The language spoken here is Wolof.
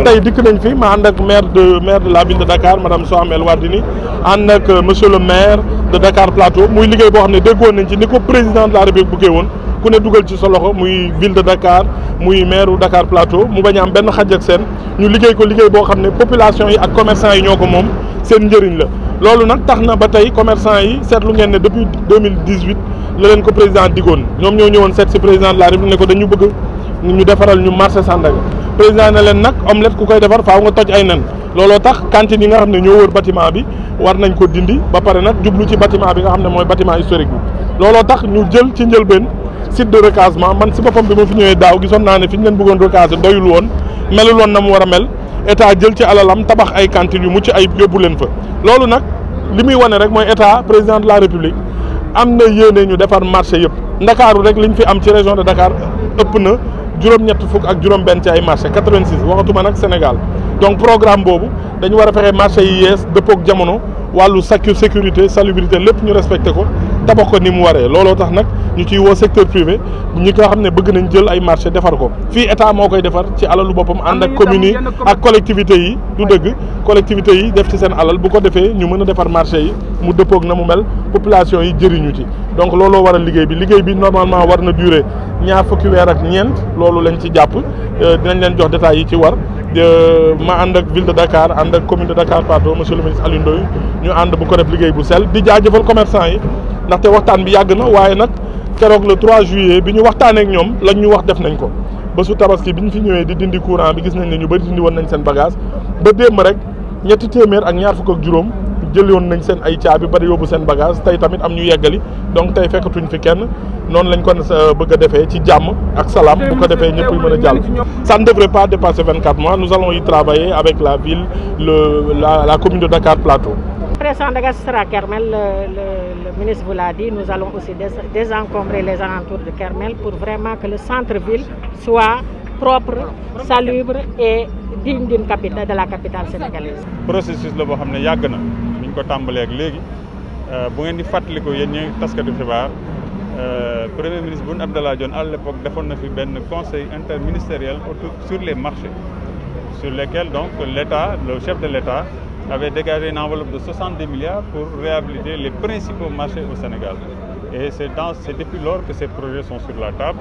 tey dikk nañ fi ma ànd ak maire de maire de la ville de Dakar madame Soham El Wardini ànd ak euh, monsieur le maire de Dakar Plateau muy liggéey boo xam ne déggoon nañ ni ko président de la République buggee woon ku ne dugal ci sa loxo muy ville de Dakar muy maire Dakar Plateau mu bañ a am benn xaj ak seen ñu liggéey ko liggéey boo xam population yi ak commerçant yi ñoo ko moom seen njëriñ la. loolu nag tax na ba tey commerçant yi seetlu ngeen ne depuis 2018 mille dix la leen ko président digoon ñoom ñoo ñëwoon seet si président de la République ne ko dañu bëgg ñu defaral ñu marché Sandaga. président ne leen nag omelette ku koy defar faaw nga toj ay nen looloo tax cantine yi nga xam ne ñoo wër bâtiment bi war nañ ko dindi ba pare nag jublu ci bâtiment bi nga xam ne mooy bâtiment historique bi looloo tax ñu jël ci njëlbeen site de recasement man si boppam bi ma fi ñëwee daaw gisoon naa ne fi ñu leen bëggoon recaser doyul woon melul woon na mu war a mel état jël ci alalam tabax ay cantines yu mucc ay yóbbu leen fa loolu nag li muy wane rek mooy état président de la république am na yéene ñu defar marché yëpp ndakaaru rek liñ fi am ci région de Dakar ëpp na juróom-ñett fuk ak juróom-benn ci ay marché 86 waxatuma nak Sénégal donc programme Bobu, dañu wara a marché yi yees dëppook jamono walu sakku sécurité salubrité lepp ñu respecté ko tabax ko ni mu waré looloo tax nak ñu ciy wo secteur privé ñi ko xamné bëgg nañ jël ay marché défar ko fi état mo koy défar ci alalu bopam and ak commune ak collectivité, yi du dëgg collectivité yi def ci sen alal bu ko défé ñu mëna défar marché yi mu dëppook na mu mel population yi jëriñu ci donc Lolo waral liggéey bi liggéey bi normalement war na durer ñaar fukki weer ak ñeent loolu lañ ci jàpp euh, dinañ leen jox détails yi ci war euh, ma ànd ak ville de Dakar ànd ak commune de Dakar pardon monsieur le ministre Aliou Ndoye ñu ànd bu ko def liggéey bu sell di jaajëfal commerçant yi ndaxte waxtaan bi yàgg na waaye nag keroog le 3 juillet bi ñu waxtaaneek ñoom lañ ñu wax def nañ ko ba su tabaski bi ñu fi ñëwee di dindi courant bi gis nañ ne ñu bëri dindi woon nañ seen bagage ba démb rek ñetti téeméer ak ñaar fukk ak juróom. jëloon nañ seen ay caabi bari yobu seen bagage tay tamit am ñu yeggali donc tay fekkatuñ fi kenn non lañ ko euh, bëgg défé ci jamm ak salam bu ko défé ñëpp mëna jall ça ne devrait pas dépasser 24 mois nous allons y travailler avec la ville le la la commune de Dakar Plateau. président de la Kermel, le, le, ministre vous l'a dit, nous allons aussi désencombrer les alentours de Kermel pour vraiment que le centre-ville soit propre, salubre et digne d'une capitale, de la capitale sénégalaise. processus la boo xam le ko ak euh, bu ngeen di taskatu euh, premier ministre Boun Abdallah Dionne à l'époque defoon na fi ben conseil interministériel autour sur les marchés sur lesquels donc l'État le chef de l'État avait dégagé une enveloppe de 70 milliards pour réhabiliter les principaux marchés au Sénégal et c'est depuis lors que ces projets sont sur la table